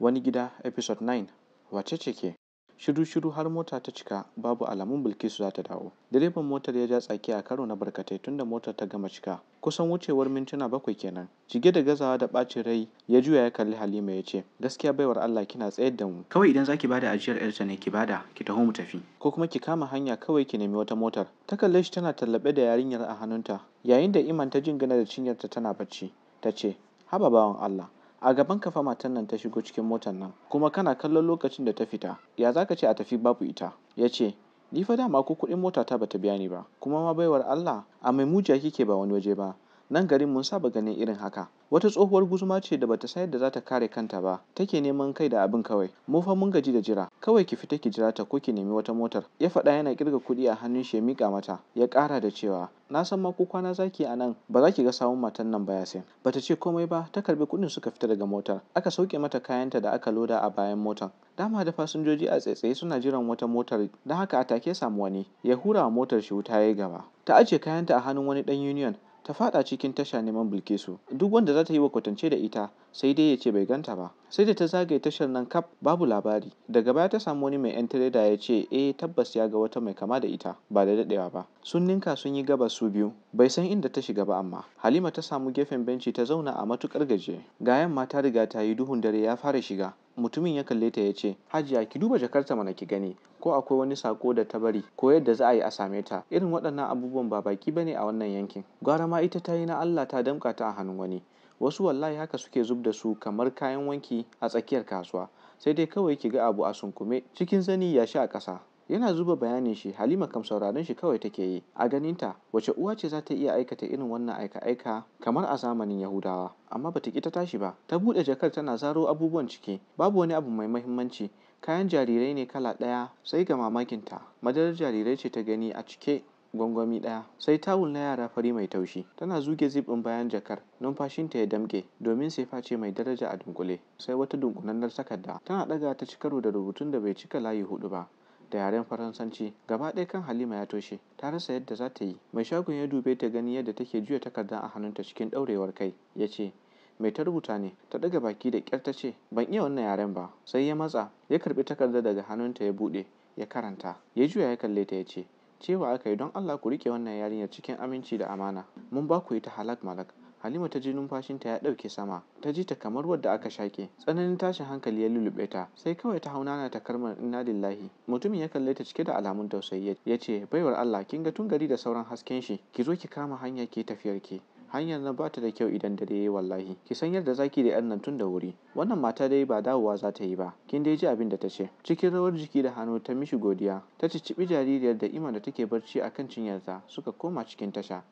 Wani Gida Episode 9 Wace ce ke? Shiru-shiru har mota ta cika babu alamun Bilkisu za ta dawo. Direban motar ya ja tsaki a karo na barkatai tunda motar ta gama cika. Kusan wucewar mintuna bakwai kenan. Jige da gazawa da ɓacin rai ya juya ya kalli Halima ya ce, Gaskiya baiwar Allah kina tsayar da mu. Kawai idan za bada ajiyar ‘yarta ne ki bada, ki taho mu tafi. Ko kuma ki kama hanya kawai ki nemi wata motar. Ta kalle shi tana tallaɓe da yarinyar a hannunta. Yayin da Iman ta jingina da cinyarta tana bacci, ta ce, Haba bawan Allah, a gaban kafa matan nan ta shigo cikin motar nan kuma kana kallon lokacin da ta fita ya zaka ce a tafi babu ita ya ce ni fa dama ko kuɗin mota ta bata biya ni ba kuma ma baiwar Allah a mai mujiya kike ba wani waje ba Nan garin mun saba ganin irin haka. Wata tsohuwar guzuma ce da bata san yadda zata kare kanta ba, take neman kai da abin kawai. Mu fa mun gaji da jira, kawai ki fita ki jira ta ko ki nemi wata motar. Ya faɗa yana kirga kuɗi a hannun shi ya miƙa mata. Ya ƙara da cewa, na san ma ko kwana zaki a nan ba za ki ga sawun matan nan ba sai Bata ce komai ba, ta karbi kuɗin suka fita daga motar. Aka sauke mata kayanta da aka loda a bayan motar. Dama da fasinjoji a tsaitsaye suna jiran wata motar, don haka a take samu wani. Ya hura motar shi wuta ya gaba. Ta ajiye kayanta a hannun wani dan union. ta faɗa cikin tasha neman Bilkisu. Duk wanda za ta yi wa kwatance da ita sai dai ya ce bai ganta ba. Sai da ta zagaye tashar nan kaf babu labari. Daga baya ta samu wani mai yan tireda ya ce eh tabbas ya ga wata mai kama da ita ba da daɗewa ba. Sun ninka sun yi gaba su biyu bai san inda ta shiga ba amma. Halima ta samu gefen benci ta zauna a matukar gaje Ga yamma ta riga ta yi duhun dare ya fara shiga. Mutumin ya kalle ta ya ce, Hajiya ki duba jakarta mana ki gani ko akwai wani sako da ta bari ko yadda za a yi a same ta. Irin waɗannan abubuwan ba baki bane a wannan yankin. Gwara ma ita ta yi na Allah ta damƙa ta a hannun wani. Wasu wallahi haka suke zub da su kamar kayan wanki a tsakiyar kasuwa. Sai dai kawai ki ga abu a sunkume cikin zani ya yashi a ƙasa. yana zuba bayanin shi halima kam sauraron shi kawai take yi a ganinta wace uwa ce za ta iya aikata irin wannan aika-aika kamar a zamanin yahudawa amma bata ƙi ta tashi ba ta buɗe jakar tana zaro abubuwan ciki babu wani abu mai mahimmanci kayan jarirai ne kala ɗaya sai ga mamakinta madarar jarirai ce ta gani a cike gwangwami ɗaya sai tawul na yara fari mai taushi tana zuge zibin bayan jakar numfashinta ya damƙe domin sefa face mai daraja a dunkule sai wata dunkunannar takarda tana ɗaga ta ci da rubutun da bai cika layi hudu ba da yaren Faransanci. Gaba ɗaya kan Halima ya toshe, ta rasa yadda za ta yi. Mai shagon ya dube ta ganin yadda take juya takardar a hannunta cikin ɗaurewar kai, ya ce, mai ta rubuta ne? Ta ɗaga baki da ƙyar ta ce, Ban iya wannan yaren ba. Sai ya matsa, ya karɓi takardar daga hannunta ya buɗe, ya karanta. Ya juya ya kalle ta ya ce, Cewa aka yi don Allah ku riƙe wannan yarinyar cikin aminci da amana. Mun ba ku ita halak malak. Halima ta ji numfashinta ya ɗauke sama, ta ji ta kamar wadda aka shaƙe. Tsananin tashin hankali ya lulluɓe ta, sai kawai ta hauna ta kalmar inna lillahi. Mutumin ya kalle ta cike da alamun tausayi ya ce, "Baiwar Allah, kin ga tun gari da sauran hasken shi, ki zo ki kama hanya ki tafiyar ki. Hanyar nan ba ta da kyau idan dare yayi wallahi. Ki san yadda zaki da yan nan tun da wuri. Wannan mata dai ba dawowa za ta yi ba. Kin dai ji abin da ta ce." Cikin rawar jiki da hannu ta mishi godiya, ta cicciɓi jaririyar da Iman da take barci a kan cinyarta suka koma cikin tasha.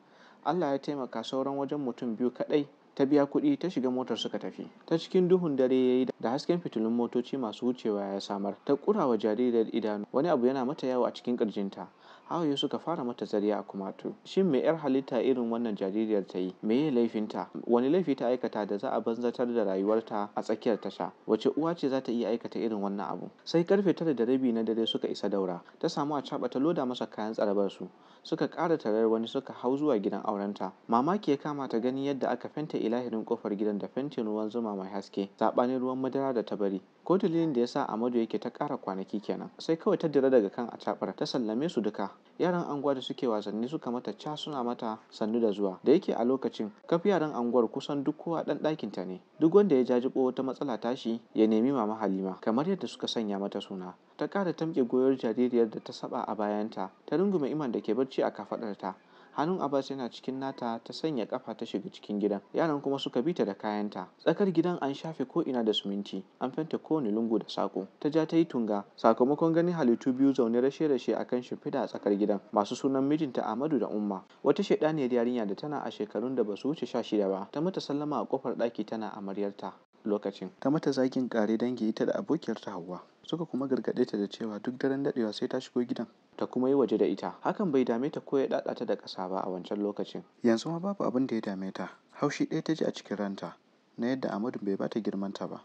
Allah ya taimaka sauran wajen mutum biyu kaɗai ta biya kuɗi ta shiga motar suka tafi ta cikin duhun dare ya yi da hasken fitilun motoci masu wucewa ya samar ta kurawa wa jaririyar idanu wani abu yana mata yawo a cikin ƙirjinta Ayu suka fara mata zariya a kumatu. Shin mai yar halitta irin wannan jaririyar ta yi? Me ya laifinta? Wani laifi ta aikata da za a banzatar da rayuwarta a tsakiyar tasha? Wace uwa ce za ta iya aikata irin wannan abu? Sai karfe tara da rabi na dare suka isa daura. Ta samu a ta loda masa kayan tsarabar su. Suka ƙara tarar wani suka hau zuwa gidan aurenta. Mamaki ya kama ta gani yadda aka fenta ilahirin kofar gidan da fentin ruwan zuma mai haske. Saɓanin ruwan madara da ta bari. Ko dalilin da ya sa Amadu yake ta kara kwanaki kenan. Sai kawai ta dira daga kan acaɓar ta sallame su duka yaran anguwar da suke wasanni suka mata ca suna mata sannu da zuwa da yake a lokacin kafi yaran anguwar kusan duk kowa dan ɗakin ta ne duk wanda ya jajibo wata matsala tashi ya nemi mama Halima kamar yadda suka sanya mata suna ta ƙara tamke goyon jaririyar da ta saba a bayanta ta rungume Iman da ke barci a kafaɗarta hannun Abbas yana cikin nata ta sanya kafa ta shiga cikin gidan yaran kuma suka bi ta da kayanta tsakar gidan an shafe ko ina da suminti an fenta kowane lungu da sako ta ja ta yi tunga sakamakon ganin halittu biyu zaune rashe rashe akan shimfiɗa a tsakar gidan masu sunan mijinta Ahmadu da Umma wata shaidaniyar yarinya da tana a shekarun da ba su wuce sha shida ba ta mata sallama a kofar ɗaki tana amaryarta lokacin ta mata zagin kare dangi ita da abokiyar ta Hauwa suka kuma gargaɗe ta da cewa duk daren daɗewa sai ta shigo gidan ta kuma yi waje da ita hakan bai dame ta ko ya ɗaɗa ta da ƙasa ba a wancan lokacin yanzu ma babu abin da ya dame ta haushi ɗaya ta ji a cikin ranta na yadda Amadu bai bata girmanta ba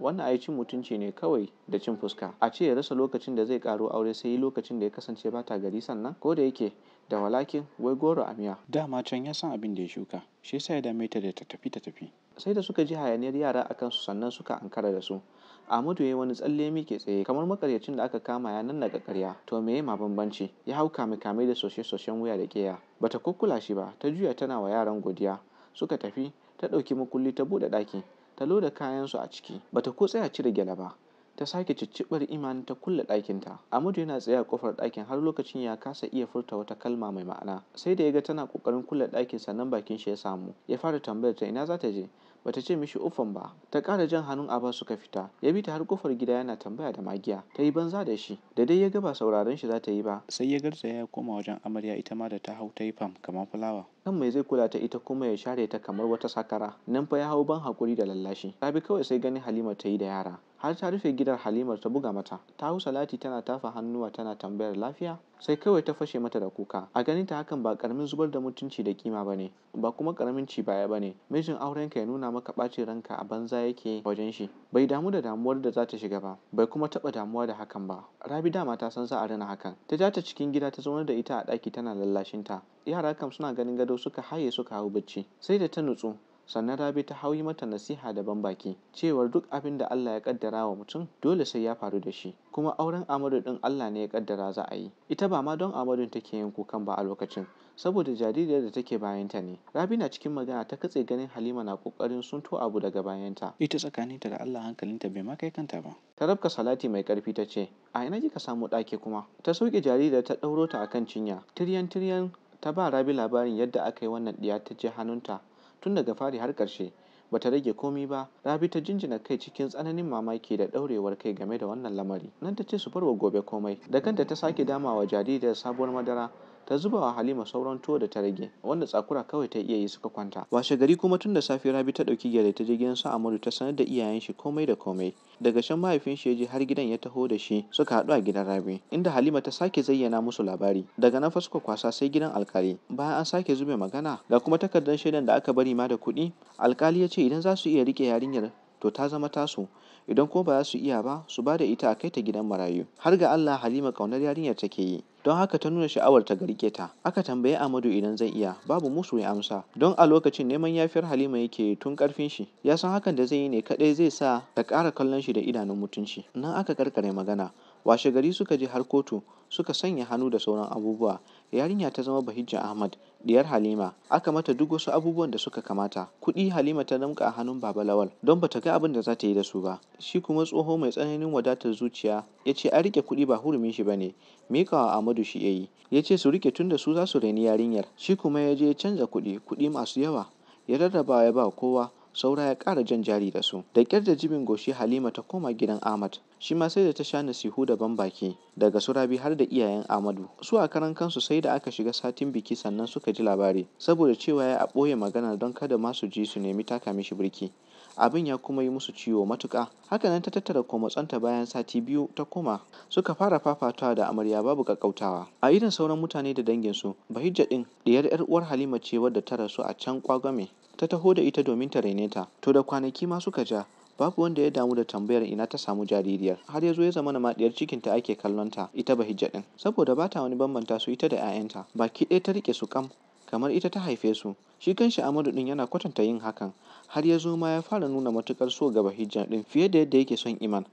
wannan ai mutunci ne kawai da cin fuska a ce ya rasa lokacin da zai ƙaro aure sai lokacin da ya kasance bata gari sannan ko da yake da walakin wai goro a miya. Dama can ya san abin da ya shuka, shi yasa ya dame ta da ta tafi ta tafi. Sai da suka ji hayaniyar yara a kansu sannan suka ankara da su. Amadu ya yi wani tsalle mike tsaye kamar makaryacin da aka kama ya daga karya. To me ma bambanci? Ya hau kame-kame da soshe-soshen wuya da keya Bata kukkula shi ba, ta juya tana wa yaran godiya. Suka tafi, ta ɗauki makulli ta buɗe ɗaki, ta loda kayansu a ciki. Bata ko tsaya cire gyale ba. ta sake cicciɓar Iman ta kulle ɗakinta. Amadu yana tsaye a ƙofar ɗakin har lokacin ya kasa iya furta wata kalma mai ma'ana. Sai da ya ga tana ƙoƙarin kulle ɗakin sannan bakin shi ya samu. Ya fara tambayar ta ina za ta je. Bata ce mishi ufan ba. Ta ƙara jan hannun basu suka fita. Ya bi ta har ƙofar gida yana tambaya da magiya. Ta yi banza da shi. Da dai ya ga ba sauraron shi za ta yi ba. Sai ya garzaya ya koma wajen amarya ita ma da ta hau ta yi fam kamar fulawa. kan mai zai kula ta ita kuma ya share ta kamar wata sakara nan fa ya hau ban hakuri da lallashi rabi kawai sai gani halima ta yi da yara har ta rufe gidan halimar ta buga mata ta hau salati tana tafa hannuwa tana tambayar lafiya sai kawai ta fashe mata da kuka a ganin ta hakan ba karamin zubar da mutunci da kima ba ne, ba kuma karamin ci baya ba ne. mijin aurenka ya nuna maka ɓacin ranka a banza yake wajen shi bai damu da damuwar da za ta shiga ba bai kuma taɓa damuwa da hakan ba rabi dama ta san za a rina hakan ta ja ta cikin gida ta zaunar da ita a daki tana lallashin yara kam suna ganin gado suka haye suka hau bacci sai da ta nutsu sannan rabi ta hauyi mata nasiha da ban baki cewar duk abin da Allah ya kaddara wa mutum dole sai ya faru da shi kuma auren Amadu din Allah ne ya kaddara za a yi ita ba ma don Amadu take yin kukan ba a lokacin saboda jaririyar da take bayanta ne rabi na cikin magana ta katse ganin halima na kokarin sunto abu daga bayanta ita tsakaninta da allah hankalinta bai ma kai kanta ba ta rabka salati mai karfi ta ce a ina kika samu ɗaki kuma ta sauke jaririyar ta ɗauro ta akan cinya tiryan tiryan ta ba Rabi labarin yadda aka yi wannan ɗiya ta je hannunta tun daga fari har ƙarshe ba ta rage komi ba Rabi ta jinjina kai cikin tsananin mamaki da ɗaurewar kai game da wannan lamari nan ta ce su bar gobe komai da kanta ta sake dama wa jaririyar sabuwar madara ta zuba wa halima sauran tuwo da ta rage wanda tsakura kawai ta iya yi suka kwanta washe gari kuma tun da safe rabi ta ɗauki gyale ta je gidan su amadu ta sanar da iyayen shi komai da komai daga can mahaifin shi ya je har gidan ya taho da shi suka haɗu a gidan rabi inda halima ta sake zayyana musu labari daga nan fa suka kwasa sai gidan alkali bayan an sake zube magana ga kuma takardar shaidan da aka bari ma da kuɗi alkali ya ce idan za su iya rike yarinyar to ta zama tasu idan ko ba za su iya ba su ba da ita a kai ta gidan marayu har ga Allah Halima kaunar yarinyar take yi don haka ta nuna sha'awar ta ga ta. Aka tambayi Amadu idan zai iya, babu musu ya amsa, don a lokacin neman yafiyar Halima yake tun karfin shi. Ya san hakan da zai yi ne kadai zai sa ta ƙara kallon shi da idanun mutunci. Nan aka karkare magana. Washe gari suka je har kotu suka sanya hannu da sauran abubuwa. Yarinya ta zama Bahijja Ahmad diyar Halima aka mata duk wasu abubuwan da suka kamata kuɗi Halima ta a hannun Baba Lawal don bata ga abin da za ta yi da su ba shi kuma tsoho mai tsananin wadatar zuciya ya ce a rike kuɗi ba hurumin shi bane mikawa ahmadu shi yayi ya ce su rike tunda su za su raini yarinyar shi kuma ya je ya canza kuɗi kuɗi masu yawa ya rarrabawa ya ba kowa saura ya ƙara jan jari da su da ƙyar da jibin goshi halima ta koma gidan ahmad shi ma sai da ta sha nasihu da baki daga su rabi har da iyayen amadu su a karan kansu sai da aka shiga satin biki sannan suka ji labari saboda cewa ya a ɓoye magana don kada ma su ji su nemi taka mishi birki abin ya kuma yi musu ciwo matuƙa hakanan ta tattara komatsonta bayan sati biyu ta koma suka fara fafatawa da amarya babu kakautawa. a irin sauran mutane da danginsu bahijja ɗin ɗiyar yar uwar halima ce wadda ta rasu a can kwagame ta taho da ita domin ta raine ta to da kwanaki ma suka ja babu wanda ya damu da tambayar ina ta samu jaririyar har ya zo ya zama na maɗiyar cikin ta ake kallonta, ita bahijja ɗin saboda bata wani bambanta su ita da 'ya'yanta baki ɗaya ta rike su kam kamar ita ta haife su shi kanshi Amadu ɗin yana kwatanta yin hakan har ya zo ma ya fara nuna matukar so ga Bahijja ɗin fiye da yadda yake son Iman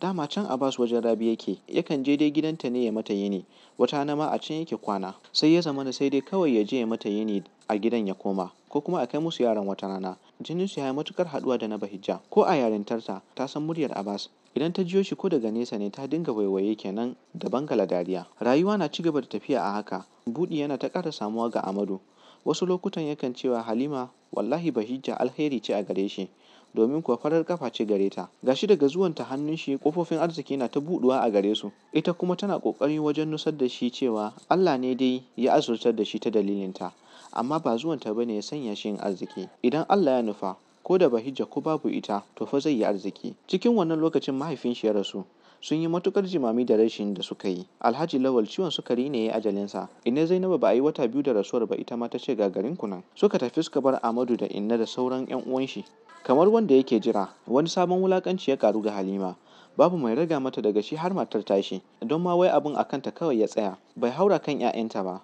dama can Abbas wajen Rabi yake yakan je dai gidanta ne ya mata yini wata nama a can yake kwana sai ya zama sai dai kawai ya je ya mata yini a gidan ya koma ko kuma a kai musu yaran wata rana jinin su ya yi matukar haduwa da na bahijja ko a yarintarta ta san muryar abbas Idan ta jiyo shi ko daga nesa ne ta dinga waiwaye kenan da bangala dariya. Rayuwa na ci gaba da tafiya a haka, Buɗe yana ta ƙara samuwa ga Amadu. Wasu lokutan yakan cewa Halima wallahi Bahijja alheri ce a gare shi, domin kuwa farar ƙafa ce gare ta. Gashi daga daga zuwanta hannun shi kofofin arziki na ta buɗuwa a gare su. Ita kuma tana kokarin wajen nusar da shi cewa Allah ne dai ya azurtar da shi ta dalilinta, amma ba zuwanta ba ne ya sanya shi yin arziki. Idan Allah ya nufa ko da ba hijja ko babu ita to fa zai yi arziki cikin wannan lokacin mahaifin shi ya rasu sun yi matukar jimami da rashin da suka yi alhaji lawal ciwon sukari ne ya ajalinsa inna zainabu ba a yi wata biyu da rasuwar ba ita ma ta ce gagarin kunan suka tafi suka bar amadu da inna da sauran yan uwan shi kamar wanda yake jira wani sabon wulakanci ya karu ga halima babu mai raga mata daga shi har matar tashi don ma wai abin akanta kawai ya tsaya bai haura kan 'ya'yanta ba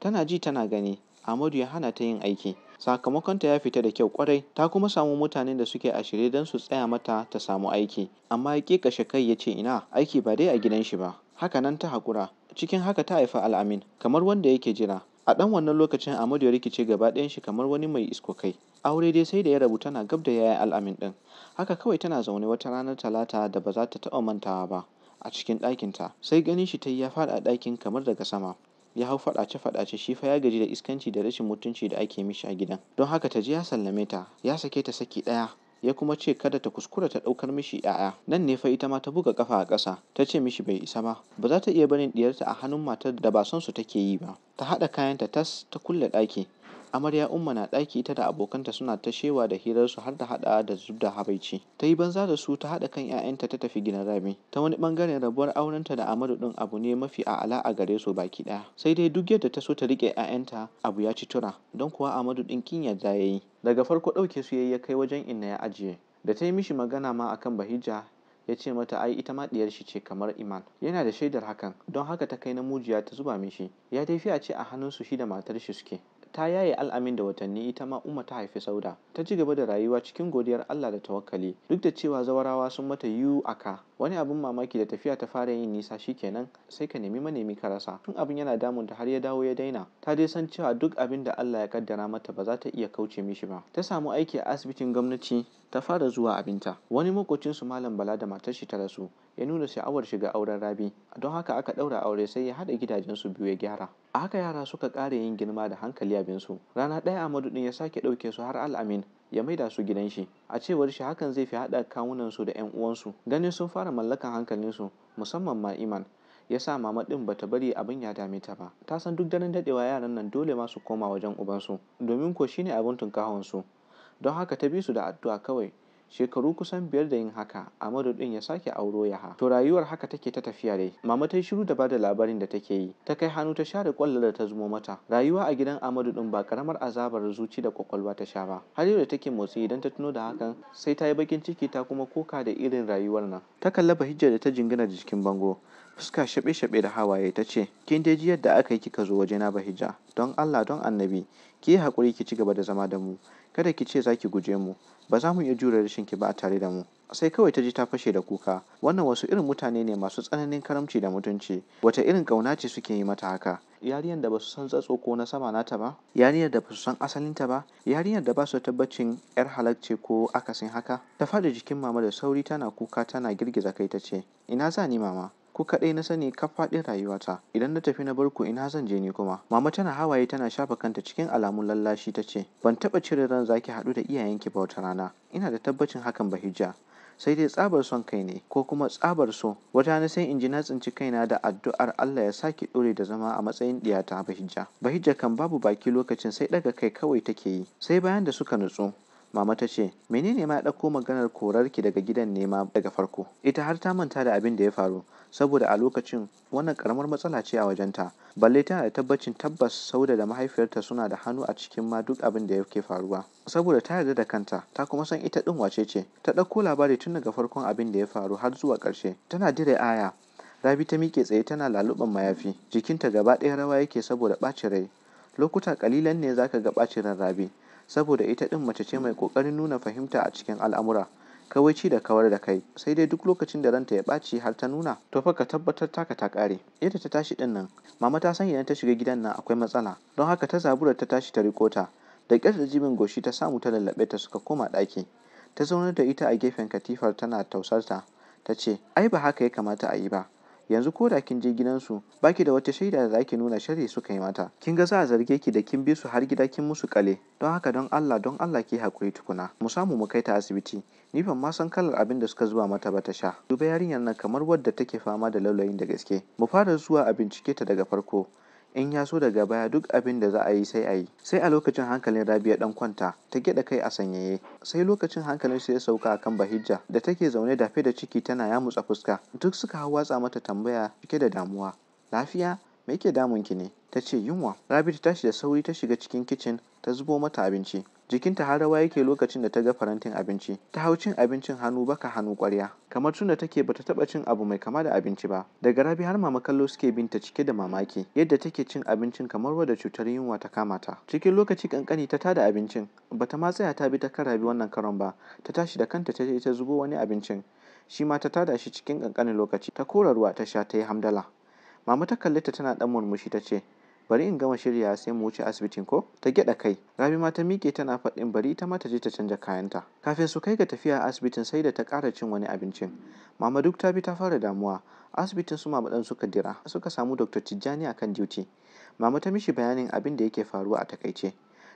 tana ji tana gani amadu ya hana ta yin aiki sakamakonta ya fita da kyau kwarai ta kuma samu mutanen da suke a shirye don su tsaya mata ta samu aiki amma ya kashe kai ya ce ina aiki ba dai a gidan shi ba haka nan ta haƙura cikin haka ta haifa al'amin kamar wanda yake jira a ɗan wannan lokacin amadu ya rikice gaba ɗayan shi kamar wani mai iskokai aure dai sai da ya rabu tana gab da yayan al'amin ɗin haka kawai tana zaune wata ranar talata da ba za ta taɓa mantawa ba a cikin ɗakinta sai ganin shi ta yi ya faɗa ɗakin kamar daga sama ya hau faɗace-faɗace shi fa ya gaji da iskanci da rashin mutunci da ake mishi a gidan don haka ta je ya sallame ta ya sake ta saki ɗaya ya kuma ce kada ta kuskura ta ɗaukar mishi ‘ya'ya nan ne fa ita ma ta buga ƙafa a ƙasa ta ce mishi bai isa ba ba za ta iya barin ɗiyarta a hannun matar da ba son su take yi ba ta haɗa kayanta tas ta kulle ɗaki Amarya Umma na ɗaki ita da abokanta suna ta shewa da hirarsu har da haɗa da zub da habaici. Ta yi banza da su ta haɗa kan 'ya'yanta ta tafi gidan Rabi. Ta wani ɓangaren rabuwar aurenta da Amadu ɗin abu ne mafi a'ala a gare su baki ɗaya. Sai dai duk yadda ta so ta riƙe 'ya'yanta abu ya ci tura don kuwa Amadu ɗin kin yarda ya yi. Daga farko ɗauke su ya kai wajen inna ya ajiye. Da ta yi mishi magana ma akan Bahija ya ce mata ai ita ma diyar shi ce kamar iman yana da shaidar hakan don haka ta kai namujiya ta zuba mishi ya dai a ce a hannun su shi da matar shi suke ta yaye al'amin da watanni ita ma umma ta haifi sauda ta ci gaba da rayuwa cikin godiyar allah da tawakkali duk da cewa zawarawa sun mata yiwu aka wani abin mamaki da tafiya ta fara yin nisa shi shikenan sai ka nemi manemi ka rasa tun abin yana damun ta har ya dawo ya daina ta dai san cewa duk abin da allah ya kaddara mata ba za ta iya kauce mishi ba ta samu aiki a asibitin gwamnati ta fara zuwa abinta. Wani maƙocinsu Malam Bala da matar shi ta rasu ya nuna sha'awar shiga auren Rabi don haka aka ɗaura aure sai ya haɗa su biyu ya gyara. A haka yara suka kare yin girma da hankali su Rana ɗaya Amadu ɗin ya sake ɗauke su har Al'amin ya maida su gidan shi. A cewar shi hakan zai fi haɗa su da 'yan uwansu. Ganin sun fara mallakan hankalin su, musamman ma Iman ya sa mama ɗin bata bari abin ya dame ta ba. Ta san duk daren daɗewa yaran nan dole ma su koma wajen ubansu domin ko shine abin su don haka ta bi su da addu'a kawai shekaru kusan biyar da yin haka Amadu din ya sake auro ya ha to rayuwar haka take ta tafiya dai mama ta yi shiru da bada labarin da take yi ta kai hannu ta share kwallo da ta zumo mata rayuwa a gidan Amadu din ba karamar azabar zuci da kwakwalwa ta sha ba har yau da take motsi idan ta tuno da hakan sai ta yi bakin ciki ta kuma koka da irin rayuwar nan ta kalla Bahijja da ta jingina da jikin bango fuska shaɓe-shaɓe da hawaye ta ce kin dai ji yadda aka yi kika zo wajena Bahijja? don allah don annabi ki yi haƙuri ki ci gaba da zama da mu kada ki ce za ki guje mu ba za mu iya jure rashin ki ba a tare da mu sai kawai ta ji ta fashe da kuka wannan wasu irin mutane ne masu tsananin karamci da mutunci wata irin kauna ce suke yi mata haka yariyar da ba su san tsatso ko na sama nata ba yariyar da ba su san asalinta ba yariyar da ba su tabbacin yar halacce ko akasin haka ta faɗi jikin mama da sauri tana kuka tana girgiza kai ta ce ina za ni mama ku kaɗai na sani ka faɗin rayuwata idan na tafi na barku ina zan je ni kuma mama tana hawaye tana shafa kanta cikin alamun lallashi ta ce ban taɓa cire ran zaki haɗu da iyayenki ba wata rana ina da tabbacin hakan ba hijja sai dai tsabar son kai ne ko kuma tsabar so wata na sai in ji na tsinci kaina da addu'ar Allah ya saki ɗore da zama a matsayin diyata bahijja bahijja kan babu baki lokacin sai ɗaga kai kawai take yi sai bayan da suka nutsu Mama ta ce, menene ma ya ɗauko maganar korarki daga gidan nema daga farko. Ita har ta manta da abin da ya faru, saboda a lokacin wannan karamar matsala ce a wajenta. Balle tana da tabbacin tabbas Sauda da mahaifiyarta suna da hannu a cikin ma duk abin da yake faruwa. Saboda ta yarda da kanta, ta kuma san ita ɗin wace ce. Ta ɗauko labari tun daga farkon abin da ya faru har zuwa ƙarshe. Tana dire aya. Rabi ta miƙe tsaye tana laluɓan mayafi, jikinta gaba ɗaya rawa yake saboda ɓacin rai. Lokuta ƙalilan ne zaka ga ɓacin Rabi, saboda ita ɗin mace ce mai ƙoƙarin nuna fahimta a cikin al'amura kawaici da kawar da kai sai dai duk lokacin da ranta ya ɓaci har ta nuna to fa ka tabbatar taka ta ƙare yadda ta tashi ɗin nan mama ta san idan ta shiga gidan nan akwai matsala don haka ta zabura ta tashi ta riko ta da ƙyar da jibin goshi ta samu ta lallaɓe ta suka koma ɗaki ta zaunar da ita a gefen katifar tana tausarta ta ce ai ba haka ya kamata a yi ba yanzu ko da kin je gidansu baki da wata shaida da zaki nuna shari suka yi mata kin ga za a zarge ki da kin bi su har gida kin musu kale don haka don Allah don Allah ki hakuri tukuna mu samu mu kai ta asibiti ni ban ma san kalar abin da suka zuba mata ba ta sha duba yarinyar nan kamar wadda take fama da laulayin da gaske mu fara zuwa a bincike ta daga farko in ya so daga baya duk abin da za a yi sai a yi sai a lokacin hankalin rabiya dan kwanta ta gyaɗa kai a sanyaye sai lokacin hankalin su ya sauka kan bahijja da take zaune dafe da ciki tana yamutsa fuska duk suka hau watsa mata tambaya cike da damuwa lafiya me yake damun ki ne ta ce yunwa rabi ta tashi da sauri ta shiga cikin kicin ta zubo mata abinci jikinta har rawa yake lokacin da ta ga farantin abinci ta hau cin abincin hannu baka hannu kwarya kamar tunda take ba ta taba cin abu mai kama da abinci ba daga rabi har mama kallo suke binta cike da mamaki yadda take cin abincin kamar wadda cutar yunwa ta kama ta cikin lokaci kankani ta tada abincin bata ma tsaya ta bi ta kan bi wannan karon ba ta tashi da kanta ta je ta zubo wani abincin shi ma ta tada shi cikin kankanin lokaci ta kora ruwa ta sha ta yi hamdala mama ta kalle ta tana ɗan murmushi ta ce bari in gama shirya sai mu wuce asibitin ko ta gyada kai rabi ma ta miƙe tana faɗin bari ta ma ta je ta canja kayanta kafin su kai ga tafiya asibitin sai da ta ƙara cin wani abincin mama duk ta bi ta fara damuwa asibitin su mama dan suka dira suka samu dr tijjani akan duty mama ta mishi bayanin abin da yake faruwa a takaice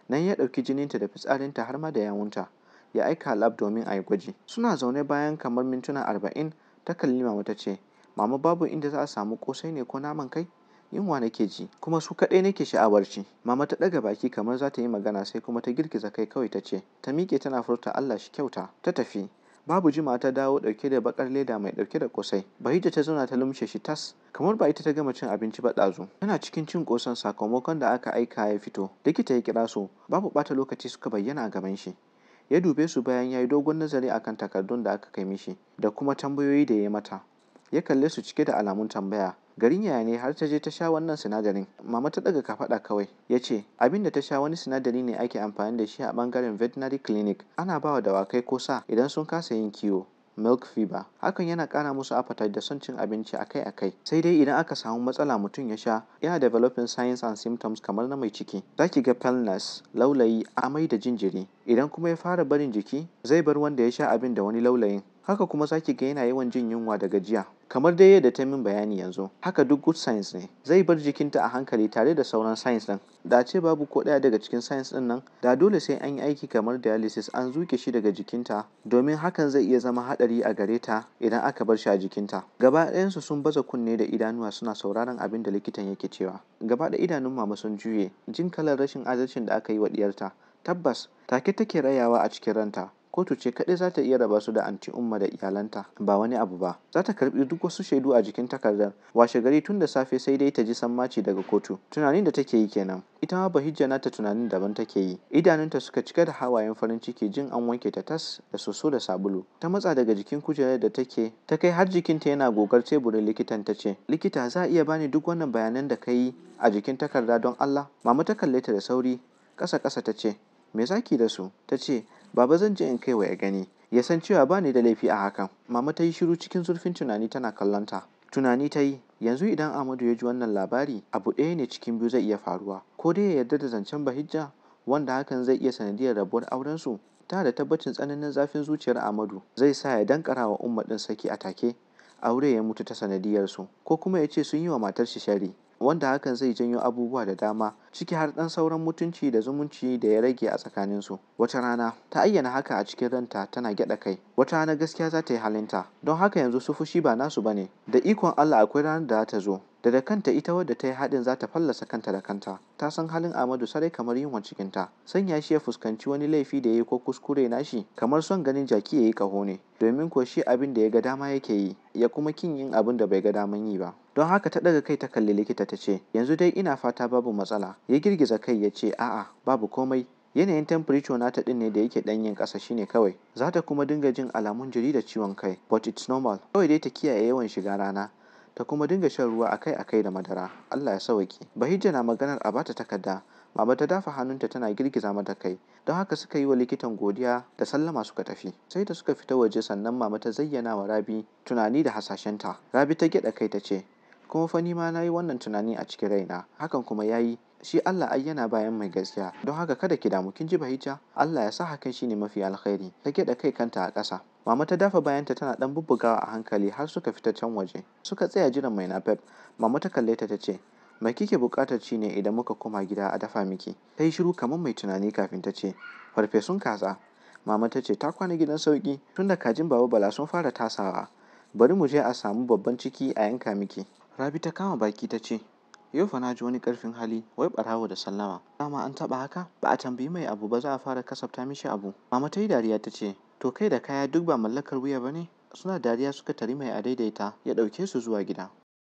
nan ya ɗauki jininta da fitsarinta har ma da yawunta ya aika lab domin a yi gwaji suna zaune bayan kamar mintuna arba'in ta kalli mama ta ce mama babu inda za a samu kosai ne ko naman kai yunwa nake ji kuma su kaɗai nake sha'awar ci mama ta ɗaga baki kamar za ta yi magana sai kuma ta girgiza kai kawai ta ce ta miƙe tana furta Allah shi kyauta ta tafi babu jima ta dawo ɗauke da baƙar leda mai ɗauke da kosai bahija ta zauna ta lumshe shi tas kamar ba ita ta gama cin abinci ba ɗazu tana cikin cin kosan sakamakon da aka aika ya fito likita ya kira su babu ɓata lokaci suka bayyana a gaban shi ya dube su bayan ya yi dogon nazari akan takardun da aka kai mishi da kuma tambayoyi da ya mata ya kalle su cike da alamun tambaya garin yaya ne har ta je ta sha wannan sinadarin mama ta daga kafaɗa kawai ya ce abin da ta sha wani sinadari ne ake amfani da shi a bangaren veterinary clinic ana ba wa dawakai ko sa idan sun kasa yin kiwo milk fever hakan yana kara musu appetite da son cin abinci akai-akai sai dai idan aka samu matsala mutum ya sha yana developing signs and symptoms kamar na mai ciki zaki ga pelness laulayi amai da jinjiri idan kuma ya fara barin jiki zai bar wanda ya sha abin da wani laulayin haka kuma zaki ga yana yawan jin yunwa da gajiya kamar dai yadda ta min bayani yanzu haka duk good science ne zai bar jikinta a hankali tare da sauran science din da ce babu ko ɗaya daga cikin science din nan da dole sai an yi aiki kamar dialysis an zuke shi daga jikinta domin hakan zai iya zama haɗari a gare ta idan aka bar shi a jikinta gaba ɗayansu sun baza kunne da idanuwa suna sauraron abin da likitan yake cewa gaba da idanun mama sun juye jin kalar rashin adalcin da aka yi wa diyarta tabbas take take rayawa a cikin ranta kotu ce kaɗai za ta iya raba su da anti umma da iyalanta ba wani abu ba za ta karɓi duk wasu shaidu a jikin takardar washe gari tun da safe sai dai ta ji sammaci daga kotu tunanin da take yi kenan ita ma bahijja ta tunanin daban take yi idanunta suka cika da hawayen farin ciki jin an wanke ta tas da soso da sabulu ta matsa daga jikin kujerar da take ta kai har jikinta yana gogar teburin likitan ta ce likita za a iya bani duk wannan bayanan da ka yi a jikin takarda don allah mama ta kalle ta da sauri ƙasa ƙasa ta ce me zaki da su ta ce Baba zan je in kai wa ya gani, ya san cewa ba ni da laifi a hakan. Mama ta yi shiru cikin zurfin tunani tana kallonta. Tunani ta yi, yanzu idan Amadu ya ji wannan labari, abu ɗaya ne cikin biyu zai iya faruwa. Ko dai ya yarda da zancen Bahijja, wanda hakan zai iya sanadiyar rabuwar aurensu, ta da tabbacin tsananin zafin zuciyar Amadu zai sa ya dankara wa Umma ɗin saki a take, aure ya mutu ta sanadiyarsu, ko kuma ya ce sun yi wa matar shi shari. wanda hakan zai janyo abubuwa da dama ciki har ɗan sauran mutunci da zumunci da ya rage a tsakaninsu wata rana ta ayyana haka a cikin ranta tana gyaɗa kai wata rana gaskiya za ta yi halinta don haka yanzu su fushi ba nasu bane da ikon Allah akwai ranar da ta zo da da kanta ita wadda ta yi haɗin za ta fallasa kanta da kanta ta san halin Amadu sarai kamar yunwan cikinta sanya shi ya fuskanci wani laifi da ya yi ko kuskure nashi kamar son ganin jaki ya yi ƙaho ne domin ko shi abin da ya ga dama yake yi ya kuma kin yin abin da bai ga daman yi ba don haka ta ɗaga kai ta kalli likita ta ce yanzu dai ina fata babu matsala ya girgiza kai ya ce a'a babu komai yanayin temperature nata din ne da yake ɗanyen ƙasa shine kawai za ta kuma dinga jin alamun jiri da ciwon kai but it's normal kawai dai ta kiyaye yawan shiga rana ta kuma dinga shan ruwa akai-akai da madara Allah ya sauwaƙe bahijja na maganar a bata takarda mama ta dafa hannunta tana girgiza mata kai don haka suka yi wa likitan godiya da sallama suka tafi sai da suka fita waje sannan mama ta zayyana wa rabi tunani da hasashenta rabi ta gyaɗa kai ta ce kuma fa ni ma na yi wannan tunani a cikin raina hakan kuma ya yi shi Allah ai yana bayan mai gaskiya don haka kada ki damu kin ji bahija Allah ya sa hakan shine mafi alkhairi ta gyaɗa kai kanta a ƙasa mama ta dafa bayanta tana dan bubbugawa a hankali har suka fita can waje suka tsaya jiran mai pep mama ta kalle ta tace mai kike buƙatar ci ne idan muka koma gida a dafa miki ta shiru kamar mai tunani kafin ta ce farfesun kaza mama ta ce ta kwana gidan sauki tunda kajin baba bala sun fara tasawa bari mu je a samu babban ciki a yanka miki rabi ta kama baki ta ce Yau fa na ji wani ƙarfin hali, wai ɓarawo da sallama. Dama an taɓa haka? Ba a tambayi mai abu ba za a fara kasafta mishi abu. Mama ta yi dariya ta ce, to kai da kaya duk ba mallakar wuya ba ne? Suna dariya suka tari mai adaidaita ya ɗauke su zuwa gida.